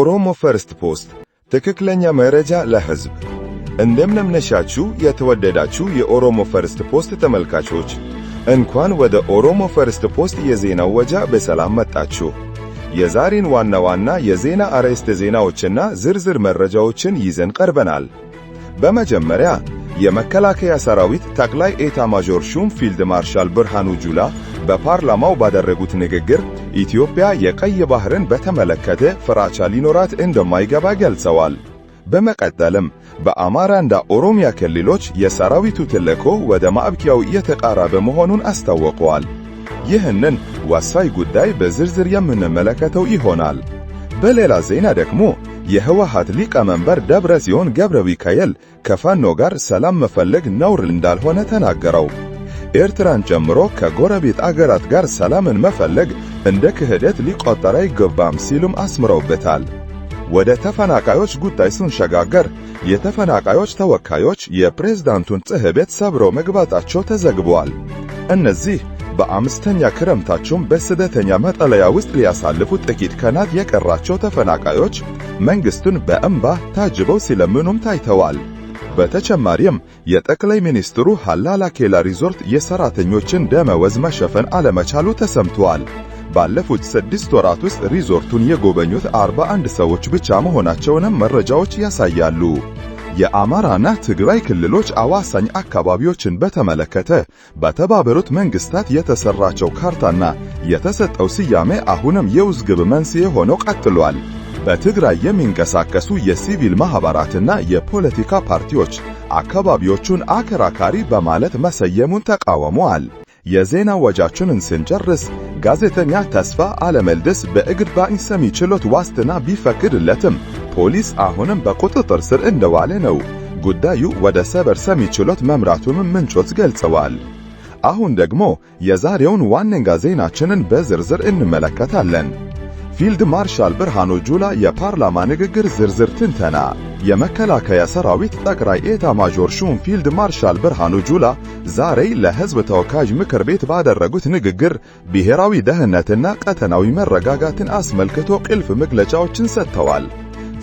ኦሮሞ ፈርስት ፖስት ትክክለኛ መረጃ ለህዝብ እንደምንምነሻችሁ የተወደዳችሁ የኦሮሞ ፈርስት ፖስት ተመልካቾች፣ እንኳን ወደ ኦሮሞ ፈርስት ፖስት የዜና ወጃ በሰላም መጣችሁ። የዛሬን ዋና ዋና የዜና አርዕስተ ዜናዎችና ዝርዝር መረጃዎችን ይዘን ቀርበናል። በመጀመሪያ የመከላከያ ሰራዊት ጠቅላይ ኤታ ማዦር ሹም ፊልድ ማርሻል ብርሃኑ ጁላ በፓርላማው ባደረጉት ንግግር ኢትዮጵያ የቀይ ባህርን በተመለከተ ፍራቻ ሊኖራት እንደማይገባ ገልጸዋል። በመቀጠልም በአማራ እና ኦሮሚያ ክልሎች የሰራዊቱ ተልዕኮ ወደ ማብቂያው እየተቃረበ መሆኑን አስታውቀዋል። ይህንን ወሳኝ ጉዳይ በዝርዝር የምንመለከተው ይሆናል። በሌላ ዜና ደግሞ የህወሓት ሊቀመንበር ደብረ ጽዮን ገብረ ሚካኤል ከፋኖ ጋር ሰላም መፈለግ ነውር እንዳልሆነ ተናገረው። ኤርትራን ጨምሮ ከጎረቤት አገራት ጋር ሰላምን መፈለግ እንደ ክህደት ሊቆጠር አይገባም ሲሉም አስምረውበታል። ወደ ተፈናቃዮች ጉዳይ ስንሸጋገር የተፈናቃዮች ተወካዮች የፕሬዝዳንቱን ጽሕቤት ሰብረው መግባታቸው ተዘግበዋል። እነዚህ በአምስተኛ ክረምታቸውም በስደተኛ መጠለያ ውስጥ ሊያሳልፉት ጥቂት ቀናት የቀራቸው ተፈናቃዮች መንግስቱን በእንባ ታጅበው ሲለምኑም ታይተዋል። በተጨማሪም የጠቅላይ ሚኒስትሩ ሃላላኬላ ሪዞርት የሰራተኞችን ደመወዝ መሸፈን አለመቻሉ ተሰምቷል። ባለፉት ስድስት ወራት ውስጥ ሪዞርቱን የጎበኙት 41 ሰዎች ብቻ መሆናቸውንም መረጃዎች ያሳያሉ። የአማራና ትግራይ ክልሎች አዋሳኝ አካባቢዎችን በተመለከተ በተባበሩት መንግስታት የተሰራቸው ካርታና የተሰጠው ስያሜ አሁንም የውዝግብ መንስኤ ሆኖ ቀጥሏል። በትግራይ የሚንቀሳቀሱ የሲቪል ማህበራትና የፖለቲካ ፓርቲዎች አካባቢዎቹን አከራካሪ በማለት መሰየሙን ተቃውመዋል። የዜና ወጃችንን ስንጨርስ ጋዜጠኛ ተስፋ አለመልደስ ባኝ ሰሚ ችሎት ዋስትና ቢፈቅድለትም ፖሊስ አሁንም በቁጥጥር ስር እንደዋለ ነው። ጉዳዩ ወደ ሰበር ሰሚ ችሎት መምራቱንም ምንጮች ገልጸዋል። አሁን ደግሞ የዛሬውን ዋነኛ ዜናችንን በዝርዝር እንመለከታለን። ፊልድ ማርሻል ብርሃኑ ጁላ የፓርላማ ንግግር ዝርዝር ትንተና። የመከላከያ ሰራዊት ጠቅላይ ኤታ ማዦር ሹም ፊልድ ማርሻል ብርሃኑ ጁላ ዛሬ ለሕዝብ ተወካዮች ምክር ቤት ባደረጉት ንግግር ብሔራዊ ደህንነትና ቀጠናዊ መረጋጋትን አስመልክቶ ቁልፍ መግለጫዎችን ሰጥተዋል።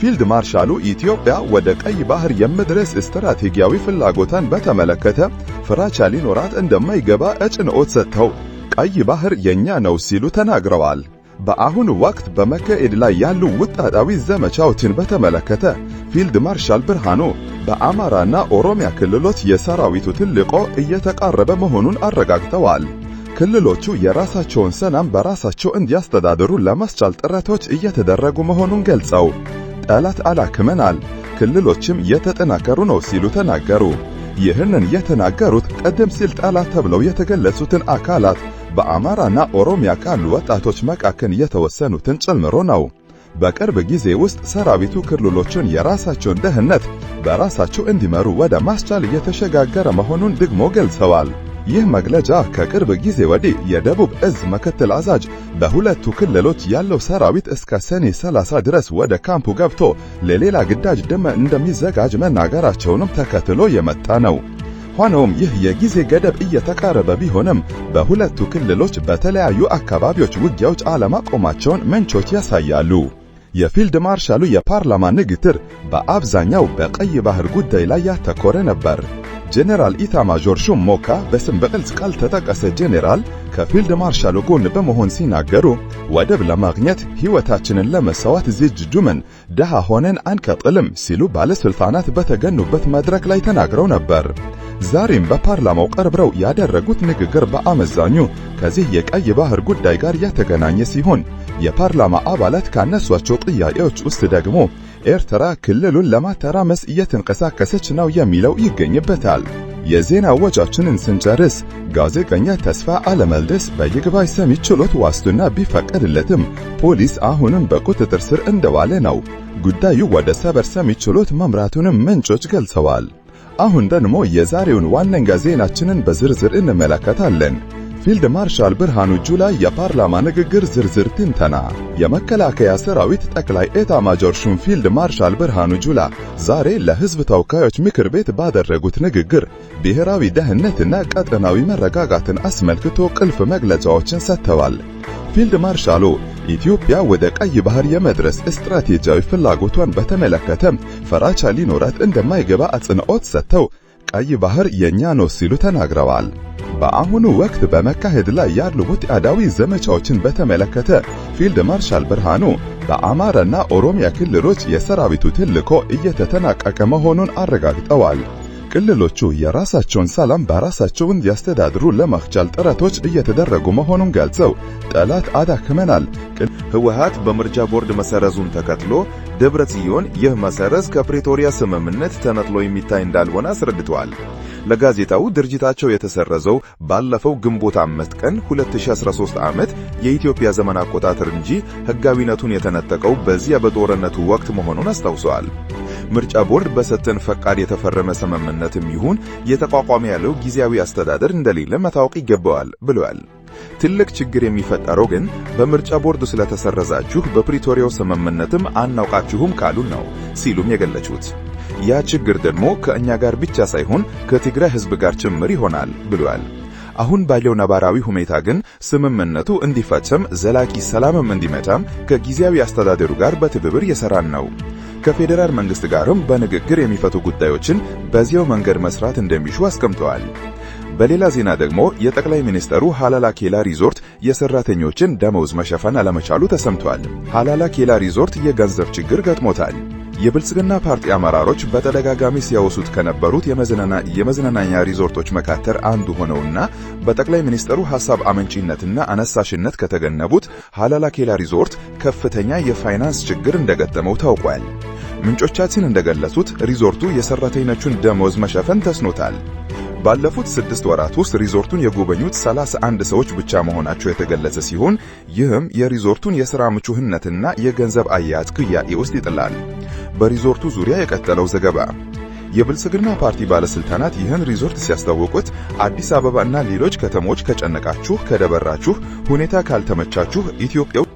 ፊልድ ማርሻሉ ኢትዮጵያ ወደ ቀይ ባህር የመድረስ ስትራቴጂያዊ ፍላጎታን በተመለከተ ፍራቻ ሊኖራት እንደማይገባ አጽንኦት ሰጥተው ቀይ ባህር የኛ ነው ሲሉ ተናግረዋል። በአሁኑ ወቅት በመካሄድ ላይ ያሉ ውጣታዊ ዘመቻዎችን በተመለከተ ፊልድ ማርሻል ብርሃኑ በአማራና ኦሮሚያ ክልሎች የሰራዊቱ ትልቆ እየተቃረበ መሆኑን አረጋግጠዋል። ክልሎቹ የራሳቸውን ሰላም በራሳቸው እንዲያስተዳድሩ ለማስቻል ጥረቶች እየተደረጉ መሆኑን ገልጸው ጠላት አላክመናል፣ ክልሎችም እየተጠናከሩ ነው ሲሉ ተናገሩ። ይህንን የተናገሩት ቀደም ሲል ጠላት ተብለው የተገለጹትን አካላት በአማራና ኦሮሚያ ካሉ ወጣቶች መካከል የተወሰኑትን ጨምሮ ነው። በቅርብ ጊዜ ውስጥ ሰራዊቱ ክልሎቹን የራሳቸውን ደህንነት በራሳቸው እንዲመሩ ወደ ማስቻል እየተሸጋገረ መሆኑን ደግሞ ገልጸዋል። ይህ መግለጫ ከቅርብ ጊዜ ወዲህ የደቡብ እዝ ምክትል አዛዥ በሁለቱ ክልሎች ያለው ሰራዊት እስከ ሰኔ 30 ድረስ ወደ ካምፑ ገብቶ ለሌላ ግዳጅ ደመ እንደሚዘጋጅ መናገራቸውንም ተከትሎ የመጣ ነው። ሆኖም ይህ የጊዜ ገደብ እየተቃረበ ቢሆንም በሁለቱ ክልሎች በተለያዩ አካባቢዎች ውጊያዎች አለማቆማቸውን ምንጮች ያሳያሉ። የፊልድ ማርሻሉ የፓርላማ ንግግር በአብዛኛው በቀይ ባህር ጉዳይ ላይ ያተኮረ ነበር። ጄኔራል ኢታማዦር ሹም ሞካ በስም በግልጽ ካልተጠቀሰ ጄኔራል ከፊልድ ማርሻሉ ጎን በመሆን ሲናገሩ ወደብ ለማግኘት ሕይወታችንን ለመሰዋት ዝግጁ ነን፣ ድሃ ሆነን አንቀጥልም ሲሉ ባለስልጣናት በተገኑበት መድረክ ላይ ተናግረው ነበር። ዛሬም በፓርላማው ቀርብረው ያደረጉት ንግግር በአመዛኙ ከዚህ የቀይ ባህር ጉዳይ ጋር የተገናኘ ሲሆን የፓርላማ አባላት ካነሷቸው ጥያቄዎች ውስጥ ደግሞ ኤርትራ ክልሉን ለማተራመስ እየተንቀሳቀሰች ነው የሚለው ይገኝበታል። የዜና ወጃችንን ስንጨርስ ጋዜጠኛ ተስፋ አለመልደስ በይግባኝ ሰሚ ችሎት ዋስትና ቢፈቀድለትም ፖሊስ አሁንም በቁጥጥር ስር እንደዋለ ነው። ጉዳዩ ወደ ሰበር ሰሚ ችሎት መምራቱንም ምንጮች ገልጸዋል። አሁን ደግሞ የዛሬውን ዋነኛ ዜናችንን በዝርዝር እንመለከታለን። ፊልድ ማርሻል ብርሃኑ ጁላ የፓርላማ ንግግር ዝርዝር ትንተና። የመከላከያ ሰራዊት ጠቅላይ ኤታ ማጆር ሹም ፊልድ ማርሻል ብርሃኑ ጁላ ዛሬ ለሕዝብ ተወካዮች ምክር ቤት ባደረጉት ንግግር ብሔራዊ ደህንነትና ቀጠናዊ መረጋጋትን አስመልክቶ ቁልፍ መግለጫዎችን ሰጥተዋል። ፊልድ ማርሻሉ ኢትዮጵያ ወደ ቀይ ባህር የመድረስ ስትራቴጂያዊ ፍላጎቷን በተመለከተም ፈራቻ ሊኖራት እንደማይገባ አጽንኦት ሰጥተው ቀይ ባህር የኛ ነው ሲሉ ተናግረዋል። በአሁኑ ወቅት በመካሄድ ላይ ያሉ ወታደራዊ ዘመቻዎችን በተመለከተ ፊልድ ማርሻል ብርሃኑ በአማራና ኦሮሚያ ክልሎች የሰራዊቱ ትልኮ እየተጠናቀቀ መሆኑን አረጋግጠዋል። ክልሎቹ የራሳቸውን ሰላም በራሳቸው እንዲያስተዳድሩ ለማስቻል ጥረቶች እየተደረጉ መሆኑን ገልጸው ጠላት አዳክመናል። ህወሓት በምርጫ ቦርድ መሰረዙን ተከትሎ ደብረ ጽዮን ይህ መሰረዝ ከፕሬቶሪያ ስምምነት ተነጥሎ የሚታይ እንዳልሆነ አስረድተዋል። ለጋዜጣው ድርጅታቸው የተሰረዘው ባለፈው ግንቦት አምስት ቀን 2013 ዓመት የኢትዮጵያ ዘመን አቆጣጠር እንጂ ህጋዊነቱን የተነጠቀው በዚያ በጦርነቱ ወቅት መሆኑን አስታውሰዋል። ምርጫ ቦርድ በሰጠን ፈቃድ የተፈረመ ስምምነትም ይሁን የተቋቋመ ያለው ጊዜያዊ አስተዳደር እንደሌለ መታወቅ ይገባዋል ብለዋል። ትልቅ ችግር የሚፈጠረው ግን በምርጫ ቦርድ ስለተሰረዛችሁ በፕሪቶሪያው ስምምነትም አናውቃችሁም ካሉን ነው ሲሉም የገለጹት። ያ ችግር ደግሞ ከእኛ ጋር ብቻ ሳይሆን ከትግራይ ሕዝብ ጋር ጭምር ይሆናል ብለዋል። አሁን ባለው ነባራዊ ሁኔታ ግን ስምምነቱ እንዲፈጸም ዘላቂ ሰላምም እንዲመጣም ከጊዜያዊ አስተዳደሩ ጋር በትብብር የሰራን ነው። ከፌዴራል መንግስት ጋርም በንግግር የሚፈቱ ጉዳዮችን በዚያው መንገድ መስራት እንደሚሹ አስቀምጠዋል። በሌላ ዜና ደግሞ የጠቅላይ ሚኒስትሩ ሃላላ ኬላ ሪዞርት የሰራተኞችን ደመወዝ መሸፈን አለመቻሉ ተሰምቷል። ሃላላ ኬላ ሪዞርት የገንዘብ ችግር ገጥሞታል። የብልጽግና ፓርቲ አመራሮች በተደጋጋሚ ሲያወሱት ከነበሩት የመዝናናኛ ሪዞርቶች መካከል አንዱ ሆነውና በጠቅላይ ሚኒስትሩ ሐሳብ አመንጪነትና አነሳሽነት ከተገነቡት ሐላላ ኬላ ሪዞርት ከፍተኛ የፋይናንስ ችግር እንደገጠመው ታውቋል። ምንጮቻችን እንደገለጹት ሪዞርቱ የሰራተኞቹን ደሞዝ መሸፈን ተስኖታል። ባለፉት ስድስት ወራት ውስጥ ሪዞርቱን የጎበኙት 31 ሰዎች ብቻ መሆናቸው የተገለጸ ሲሆን ይህም የሪዞርቱን የሥራ ምቹህነትና የገንዘብ አያያዝ ክያቄ ውስጥ ይጥላል። በሪዞርቱ ዙሪያ የቀጠለው ዘገባ የብልጽግና ፓርቲ ባለስልጣናት ይህን ሪዞርት ሲያስታውቁት አዲስ አበባ እና ሌሎች ከተሞች ከጨነቃችሁ፣ ከደበራችሁ፣ ሁኔታ ካልተመቻችሁ ኢትዮጵያ